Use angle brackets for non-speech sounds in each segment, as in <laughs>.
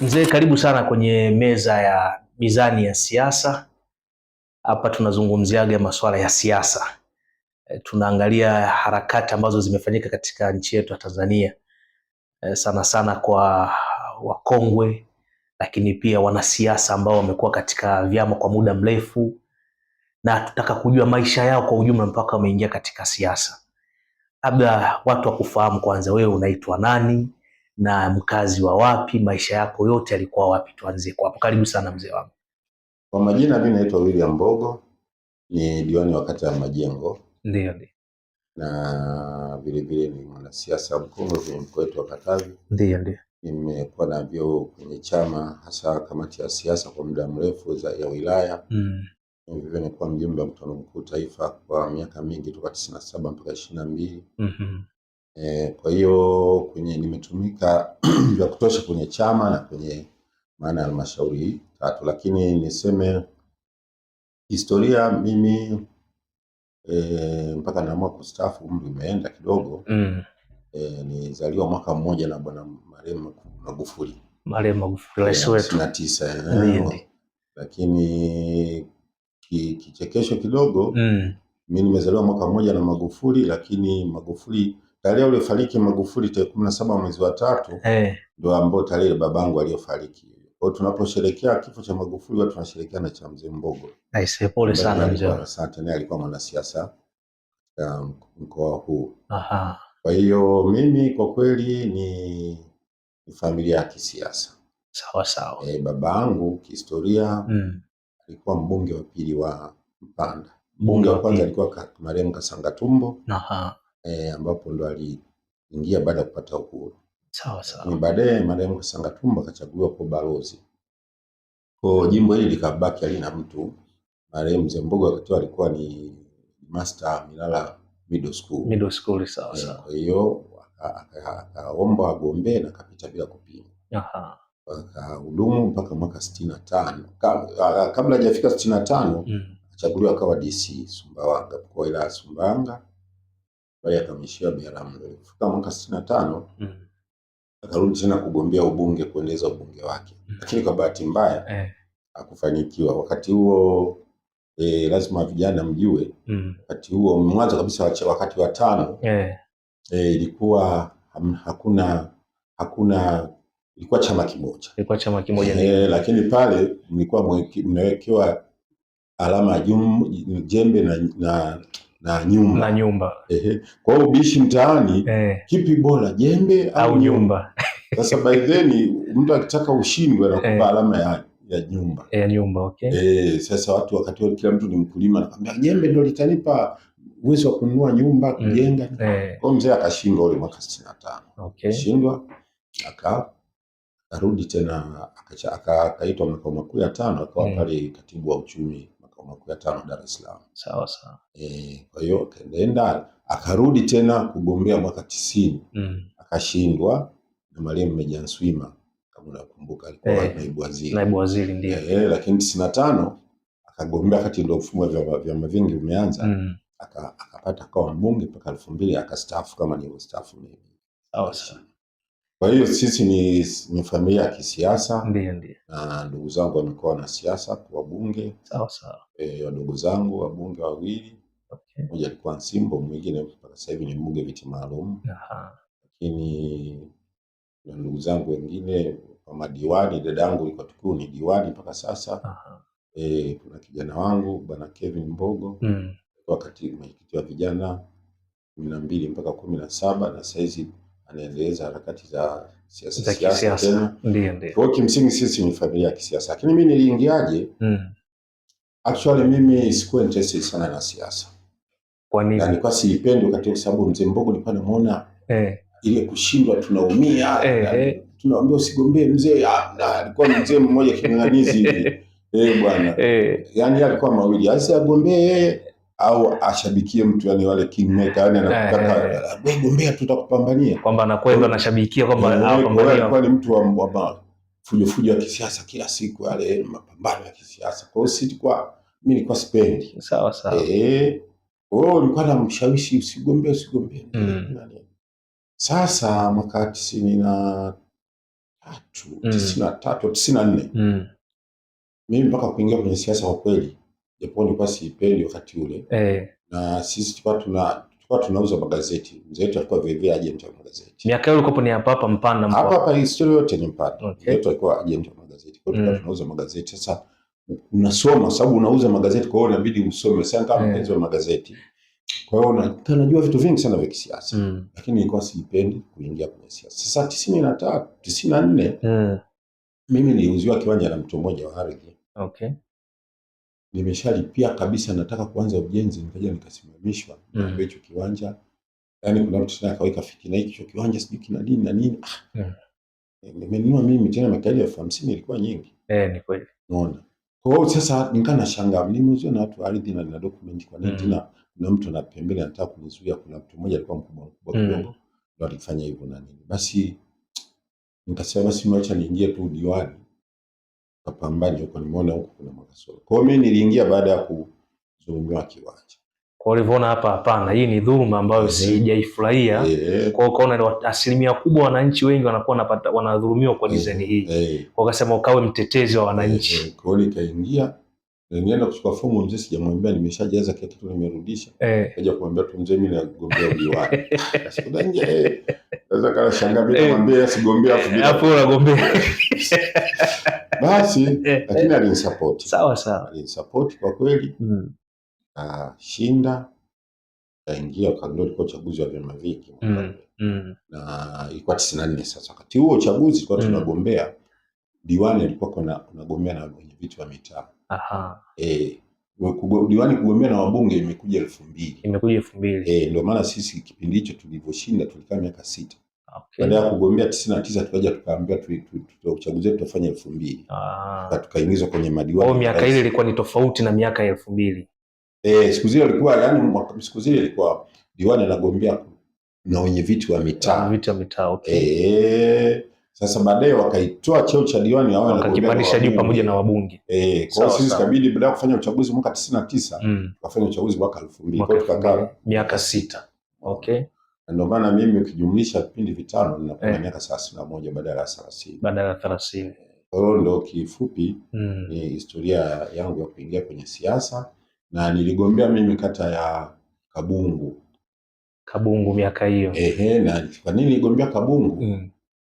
Mzee, karibu sana kwenye meza ya mizani ya siasa. Hapa tunazungumziaga masuala ya siasa, e, tunaangalia harakati ambazo zimefanyika katika nchi yetu ya Tanzania, e, sana sana kwa wakongwe, lakini pia wanasiasa ambao wamekuwa katika vyama kwa muda mrefu, na tutaka kujua maisha yao kwa ujumla mpaka wameingia katika siasa. Labda watu wakufahamu kwanza, wewe unaitwa nani na mkazi wa wapi, maisha yako yote yalikuwa wapi? Tuanzie kwa hapo. Karibu sana mzee wangu. Kwa majina, mimi naitwa William Mbogo, ni diwani wa kata ya Majengo. Ndio, ndio. Na vilevile ni mwanasiasa mkongwe kwenye mkoa wetu wa Katavi. Ndio, ndio. Nimekuwa na vyeo kwenye chama, hasa kamati ya siasa kwa muda mrefu ya wilaya mm. Vivyo nimekuwa mjumbe wa mkutano mkuu taifa kwa miaka mingi toka tisini na saba mpaka ishirini na mbili mm -hmm. E, kwa hiyo kwenye nimetumika <clears throat> vya kutosha kwenye chama na kwenye maana ya halmashauri tatu, lakini niseme historia mimi e, mpaka naamua kustaafu umri umeenda kidogo mm. E, nizaliwa mwaka mmoja na bwana marehemu Magufuli marehemu Magufuli rais wetu na tisa lakini kichekesho ki kidogo mm. Mimi nimezaliwa mwaka mmoja na Magufuli, lakini Magufuli tarehe uliofariki Magufuli tarehe kumi na saba mwezi wa tatu eh. ndio hey, ambao tarehe babangu aliyofariki. Kwa tunaposherekea kifo cha Magufuli watu tunasherekea na cha mzee Mbogo. Aisee, pole sana mzee. Asante, naye alikuwa mwanasiasa um, mkoa huu. Aha. Kwa hiyo mimi kwa kweli ni, familia ya kisiasa sawa sawa. Eh, babangu kihistoria mm, alikuwa mbunge wa pili wa Mpanda. Mbunge wa kwanza alikuwa marehemu Kasangatumbo. Aha e, ambapo ndo aliingia baada ya kupata uhuru. Sawa sawa. Ni baadaye marehemu Tumba akachaguliwa kuwa balozi. Kwa jimbo hili likabaki halina mtu. Marehemu Mzee Mbogo wakati alikuwa ni master Milala Middle School. Middle School sawa eh, sawa. Kwa hiyo akaomba agombee na akapita bila kupingwa. Aha. Akahudumu mpaka mwaka sitini na tano. Kabla hajafika sitini na tano, mm. achaguliwa akawa DC Sumbawanga, mkoa wa wilaya Sumbawanga pale akamishiwa Biharamulo. Kufika mwaka sitini na tano mm. akarudi tena kugombea ubunge kuendeleza ubunge wake mm. lakini kwa bahati mbaya eh. akufanikiwa Wakati huo e, lazima vijana mjue mm. wakati huo mwanzo kabisa, wakati wa tano eh. e, ilikuwa hakuna hakuna ilikuwa chama kimoja, ilikuwa chama kimoja e, lakini pale mlikuwa mnawekewa alama jum, jembe na, na na nyumba na nyumba. Ehe, kwa hiyo ubishi mtaani e, kipi bora jembe au nyumba? Sasa by then mtu akitaka ushindwe eh. anakupa e, alama ya ya nyumba ya nyumba. Okay, eh, sasa watu wakati wa kila mtu ni mkulima, nakwambia jembe ndio litanipa uwezo wa kununua nyumba mm. kujenga. Mm. E. kwa mzee akashindwa ule mwaka 65. Okay, shindwa aka arudi tena akaitwa makao makuu ya tano akawa mm. pale katibu wa uchumi makuu ya tano Dar es Salaam. Sawa sawa. Eh, kwa hiyo akaenda akarudi tena kugombea mwaka tisini mm. akashindwa na Mariam Mejan Swima kama unakumbuka alikuwa eh, naibu waziri. Naibu waziri ndiye. Eh, eh, lakini tisini na tano akagombea kati ndio mfumo wa vyama vingi umeanza mm. akapata aka akawa mbunge mpaka 2000 mbili akastaafu kama nilivyostaafu mimi. Sawa sawa. Kwa hiyo sisi ni, ni familia ya kisiasa. Ndiyo, ndiyo. Na ndugu zangu wamekuwa kwa bunge Sawa sawa. eh, wadogo zangu wabunge wawili, Okay. mmoja alikuwa Nsimbo, mwingine mpaka sasa hivi ni mbunge viti maalum, Aha. lakini na ndugu zangu wengine kwa madiwani, dadangu yuko Tukuru ni diwani mpaka sasa. Aha. eh, kuna kijana wangu bwana Kevin Mbogo Mm. wakati mwenyekiti wa vijana kumi na mbili mpaka kumi na saba na saizi anaendeleza harakati za siasa siasa. Ndio, ndio. Kwa kimsingi sisi ni familia ya kisiasa, lakini mimi niliingiaje? mm. Actually mimi sikuwa interested sana na siasa. Kwa nini? Na nilikuwa siipendi wakati, kwa sababu mzee Mbogo nilikuwa namuona eh, ile kushindwa tunaumia eh, eh. tunaambia usigombee mzee. Ah, alikuwa mzee mmoja kinanizi <laughs> hivi eh bwana eh, yani alikuwa mawili asiagombee yeye eh au ashabikie mtu yani wale kingmaker yani anataka eh, eh, eh. wewe gombea, tutakupambania kwamba anakwenda anashabikia kwamba apambania, kwani mtu wa wa fujo fujo ya kisiasa kila siku yale mapambano ya kisiasa. Kwa hiyo si kwa mimi nilikuwa sipendi. Sawa sawa, eh, oh, nilikuwa namshawishi usigombee, usigombee. Mm. Sasa mwaka tisini na tatu mm. tisini na tatu tisini na nne mm. mimi mpaka kuingia kwenye siasa kwa kweli japo nilikuwa siipendi wakati ule eh. Na sisi tulikuwa tuna tulikuwa tunauza magazeti, mzee wetu alikuwa vile vile agent wa magazeti. Miaka hiyo ulikopo ni hapa hapa Mpanda, hapa hapa historia yote ni Mpanda. Okay. Mzee wetu alikuwa agent wa magazeti, kwa hiyo mm. tunauza magazeti. Sasa unasoma sababu unauza magazeti, kwa hiyo inabidi usome sana kama eh. mpenzi wa magazeti. Kwa hiyo unajua vitu vingi sana vya kisiasa mm. lakini nilikuwa siipendi kuingia kwenye siasa. Sasa tisini na tatu tisini na nne mm. mimi niliuziwa kiwanja na mtu mmoja wa ardhi okay nimeshalipia kabisa, nataka kuanza ujenzi, nikaja nikasimamishwa mm. hicho kiwanja. Yani kuna mtu tena akaweka fitina, hicho kiwanja sijui kina nini na nini ah. yeah. Mm. nimenunua mimi tena makali elfu hamsini ilikuwa nyingi eh, ni kweli unaona. Kwa hiyo sasa nikaa nashangaa, nimeuzwa na watu ardhi na nina document, kwa nini mm. tena kuna mtu na pembeni anataka kunizuia? Kuna mtu mmoja alikuwa mkubwa mkubwa mm. kidogo ndio alifanya hivyo na nini, basi nikasema basi mwacha niingie tu diwani pambani huko, nimeona huko kuna makasoro. Kwa hiyo mimi niliingia baada ya kuzulumiwa kiwanja. Kwa ulivyoona hapa, hapana, hii ni dhuluma ambayo sijaifurahia. Eh. Kwa hiyo ukaona asilimia kubwa wananchi wengi wanakuwa wanapata wanadhulumiwa kwa eh. dizaini hii, eh. kwa hiyo akasema ukawe mtetezi wa wananchi. Kwa hiyo nikaingia nienda kuchukua fomu, mzee sijamwambia nimeshajaza kila kitu, nimerudisha. Kaja kumwambia tu mzee, mimi nagombea udiwani. <laughs> Sasa nje kana shangaa mimi namwambia sigombea, afu bila hapo unagombea <laughs> <laughs> basi <laughs> eh, lakini eh, alinisupport sawa sawa, alinisupport kwa kweli mm. na shinda kaingia kandio, uchaguzi wa vyama vingi mm. mm. na ilikuwa 94 sasa. Wakati huo uchaguzi kwa hmm. tunagombea diwani, alikuwa kuna unagombea na wenye viti wa mitaa aha, eh diwani kugombea na wabunge imekuja elfu mbili imekuja 2000 eh, ndio maana sisi kipindi hicho tulivyoshinda tulikaa miaka sita okay. Baada ya kugombea tisini na tisa tukaja tukaambia uchaguzi wetu tutafanya elfu mbili ah. tukaingizwa kwenye madiwani. Miaka ile ilikuwa ni tofauti na miaka ya elfu mbili e, siku zile ilikuwa yani, siku zile ilikuwa diwani anagombea na wenye viti wa mitaa ah, viti wa mitaa okay. Eh, sasa baadaye wakaitoa cheo cha diwani na wakakipandisha juu pamoja na wabunge eh. Kwa hiyo sisi kabidi baada ya kufanya uchaguzi mwaka 99 mm. tukafanya mm. uchaguzi mwaka 2000 kwa hiyo tukakaa miaka sita okay na ndio maana mimi ukijumlisha vipindi vitano ninakuwa na eh. miaka thelathini na moja badala ya thelathini badala ya thelathini. Kwa hiyo ndio kifupi mm. ni historia yangu ya kuingia kwenye siasa, na niligombea mimi kata ya Kabungu Kabungu miaka hiyo. Ehe, na kwa nini niligombea Kabungu? mm.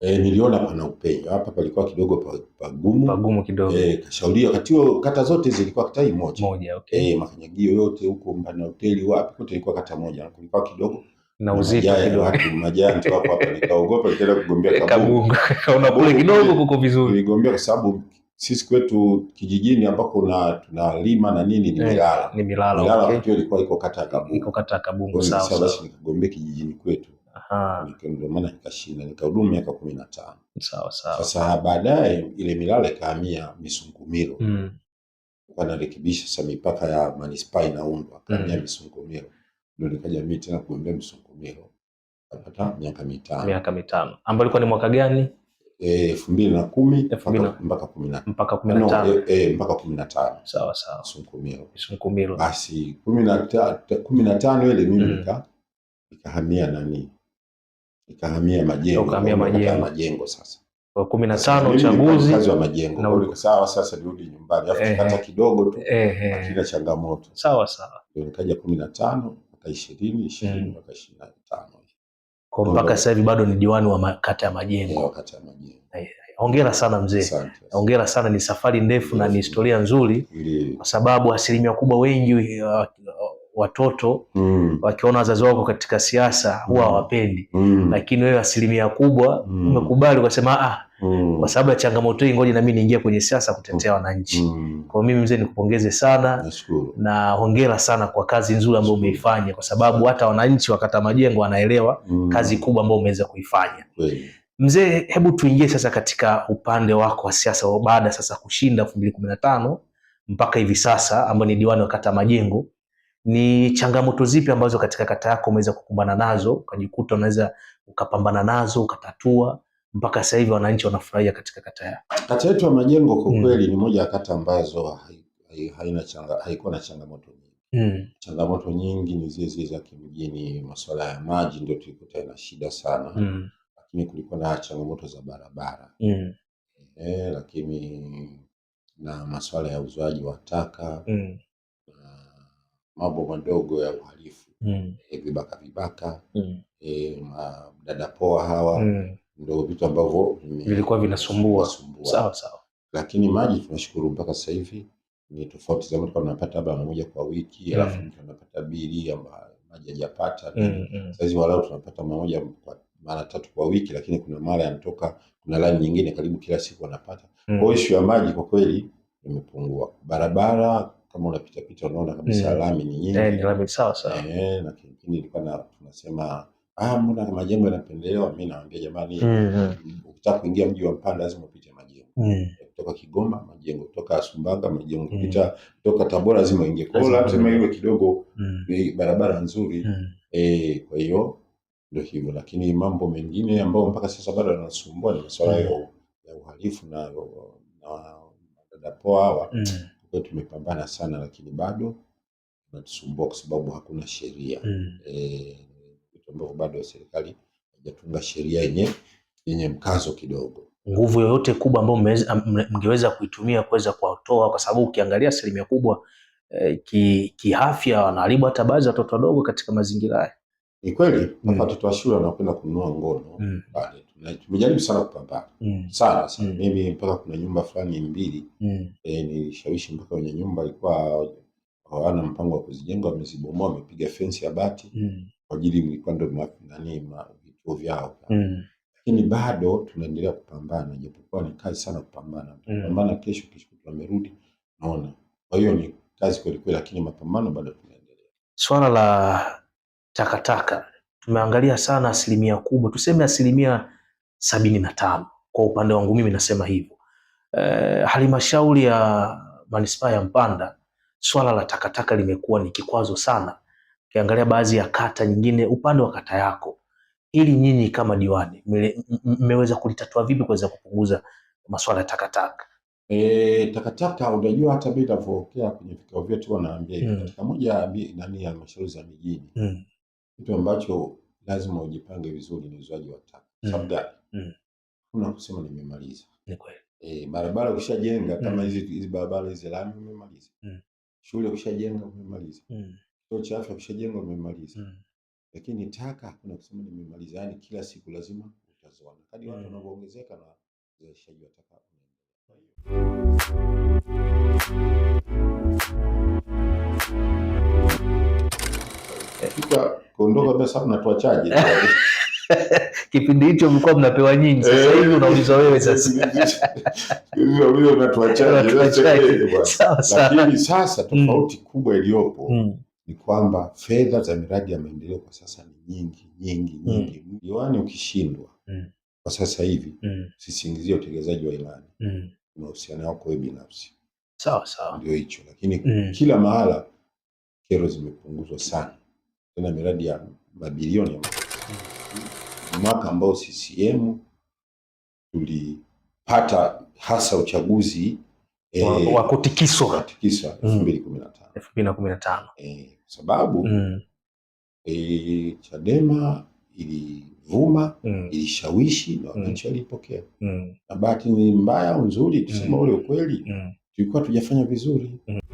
E, niliona pana upenyo hapa, palikuwa kidogo pagumu pagumu kidogo e, kashauri wakati huo kata zote zilikuwa kata moja moja, okay. E, makanyagio yote huko mbana hoteli wapi kote ilikuwa kata moja, kulikuwa kidogo na uzito kidogo. Majani tu hapo hapa nikaogopa nikaenda kugombea kabungu. Kaona bure kidogo kuko vizuri. Nigombea kwa sababu sisi kwetu kijijini ambako na tunalima na nini ni eh, Milala. Ni Milala. Milala okay. Ndio ilikuwa iko kata Kabungu. Iko kata Kabungu sawa. Sasa basi nikagombea kijijini kwetu. Aha. Ndio maana nikashinda nikahudumu miaka 15. Sawa sawa. Sasa baadaye ile Milala ikahamia Misungumiro. Mm. Wanarekebisha sasa mipaka ya manispaa inaundwa, kahamia mm. Misungumiro ndio nikaja mimi tena kugombea Msukumilo, napata miaka mitano. Miaka mitano ambayo ilikuwa ni mwaka gani? Eh, elfu mbili na kumi mpaka kumi na tano. Sawa sawa. Msukumilo. Basi kumi na tano ile mimi mm. nika, nikahamia nani, nikahamia Majengo nikahamia majengo. majengo sasa kumi na tano uchaguzi wa Majengo. Kwa sawa, sasa nirudi nyumbani, afu eh, kata eh. kidogo tu akila changamoto. Sawa sawa, ndio nikaja kumi na tano mwaka ishirini ishirini mm. mwaka ishirini na tano kwa mpaka sasa hivi bado ni diwani wa kata ya Majengo. Hongera eh, sana mzee, hongera sana. Ni safari ndefu na ni historia nzuri, kwa sababu asilimia kubwa wengi eh, watoto mm. wakiona wazazi wako katika siasa huwa mm. hawapendi mm. lakini wewe asilimia kubwa mm. umekubali mm. ukasema ah kwa mm. sababu ya changamoto hii, ngoja na mimi niingie kwenye siasa kutetea mm. wananchi mm. kwa mimi mzee, nikupongeze sana na hongera sana kwa kazi nzuri ambayo umeifanya, kwa sababu hata wananchi wakata majengo wanaelewa mm. kazi kubwa ambayo umeweza kuifanya Kweli. Mzee, hebu tuingie sasa katika upande wako wa siasa baada sasa kushinda 2015 mpaka hivi sasa ambao ni diwani wa kata Majengo, ni changamoto zipi ambazo katika kata yako umeweza kukumbana nazo ukajikuta unaweza ukapambana nazo ukatatua, mpaka sasa hivi wananchi wanafurahia katika kata yao. Kata yetu ya Majengo kwa mm. kweli mm. ni moja ya kata ambazo haina changa, haikuwa na changamoto nyingi mm. changamoto nyingi ni zile zile za kimjini, masuala ya maji ndio tulikuta ina shida sana mm. lakini kulikuwa na changamoto za barabara mm. e, lakini na masuala ya uzoaji wa taka mm. na mambo madogo ya uhalifu mm. e, vibaka vibaka mm. e, dada poa hawa mm ndo vitu ambavyo vilikuwa vinasumbua. Sawa sawa, lakini maji tunashukuru mpaka sasa hivi ni tofauti. Zamani tulikuwa tunapata labda moja kwa wiki, mm. alafu mtu anapata bili ambayo maji hajapata. mm, mm. Sasa hivi walau tunapata moja kwa mara tatu kwa wiki, lakini kuna mara yanatoka, kuna laini nyingine karibu kila siku wanapata. mm. Kwa hiyo issue ya maji kwa kweli imepungua. Barabara kama unapita pita unaona kabisa mm. lami ni nyingi, eh, ni lami sawa sawa, eh, lakini ilikuwa tunasema ah, mbona na majengo yanapendelewa, mi naambia jamani, mm. ukitaka kuingia mji wa Mpanda lazima upite majengo mm. kutoka Kigoma majengo, kutoka Sumbanga majengo, kupita mm. kutoka Tabora lazima ingie hiyo, lazima iwe kidogo mm. barabara nzuri mm. eh, kwa hiyo ndio hivyo, lakini mambo mengine ambayo mpaka sasa bado yanasumbua ni masuala mm. ya uhalifu na na poa hawa mm. kwa tumepambana sana, lakini bado natusumbua kwa sababu hakuna sheria mm. eh, ambavyo bado serikali haijatunga sheria yenye yenye mkazo kidogo. Nguvu yoyote kubwa ambayo mngeweza kuitumia kuweza kuwatoa, kwa sababu ukiangalia asilimia kubwa eh, kiafya ki wanaharibu hata baadhi ya watoto wadogo katika mazingira haya. Ni kweli mm. Watoto wa shule wanapenda kununua ngono mm. tumejaribu sana kupambana mm. sana sana mm. Mimi mpaka kuna nyumba fulani mbili mm. E, nilishawishi mpaka wenye nyumba alikuwa hawana mpango wa kuzijenga, wamezibomoa, wamepiga fensi ya bati mm kwa ajili mipando nani ma- vituo vyao Mm. lakini bado tunaendelea kupambana, japokuwa ni kazi sana kupambana. Tutapambana mm. kesho, kesho kutwa naona. Kwa hiyo ni kazi kweli kweli, lakini mapambano bado tunaendelea. Swala la takataka tumeangalia sana, asilimia kubwa tuseme asilimia sabini na tano kwa upande wangu mimi nasema hivyo. E, halmashauri ya manispaa ya Mpanda swala la takataka limekuwa ni kikwazo sana ukiangalia baadhi ya kata nyingine upande wa kata yako, ili nyinyi kama diwani mmeweza kulitatua vipi kuweza kupunguza masuala ya takataka? E, takataka unajua, hata mimi ninavyopokea kwenye vikao vyetu wanaambia mm. katika moja nani ya halmashauri za mijini mm. kitu ambacho lazima ujipange vizuri ni uzaji wa taka mm. sababu gani? mm. kuna kusema nimemaliza ni kweli e, barabara ukishajenga kama hmm. hizi mm. hizi barabara hizi lami umemaliza mm. shule ukishajenga umemaliza mm. Kituo cha afya kishajengwa, mmemaliza mm. Lakini taka hakuna kusema nimemaliza, yani kila siku lazima utazoana kadri watu mm. wanavyoongezeka na uzalishaji wa taka katika kuondoka pesa natuachaje? <laughs> Kipindi hicho mlikuwa mnapewa nyingi, eh. sasa hivi unauliza wewe <laughs> sasa. Unatuachaje? Sawa sawa. Lakini sasa mm. tofauti kubwa iliyopo mm ni kwamba fedha za miradi ya maendeleo kwa sasa ni nyingi nyingi mm. nyingi. Diwani mm. ukishindwa mm. kwa sasa hivi mm. usisingizie utekelezaji wa ilani mm. unahusiana wako wewe binafsi, sawa sawa, ndio hicho. Lakini mm. kila mahala kero zimepunguzwa sana, tena miradi ya mabilioni ya mm. mwaka ambao CCM tulipata hasa uchaguzi e, wa kutikiswa kutikiswa mm. elfu mbili kumi na tano eh, sababu mm. e, Chadema ilivuma mm. ilishawishi na mm. wananchi mm. walipokea mm. na bahati ni mbaya nzuri tusema mm. ule ukweli mm. tulikuwa tujafanya vizuri mm.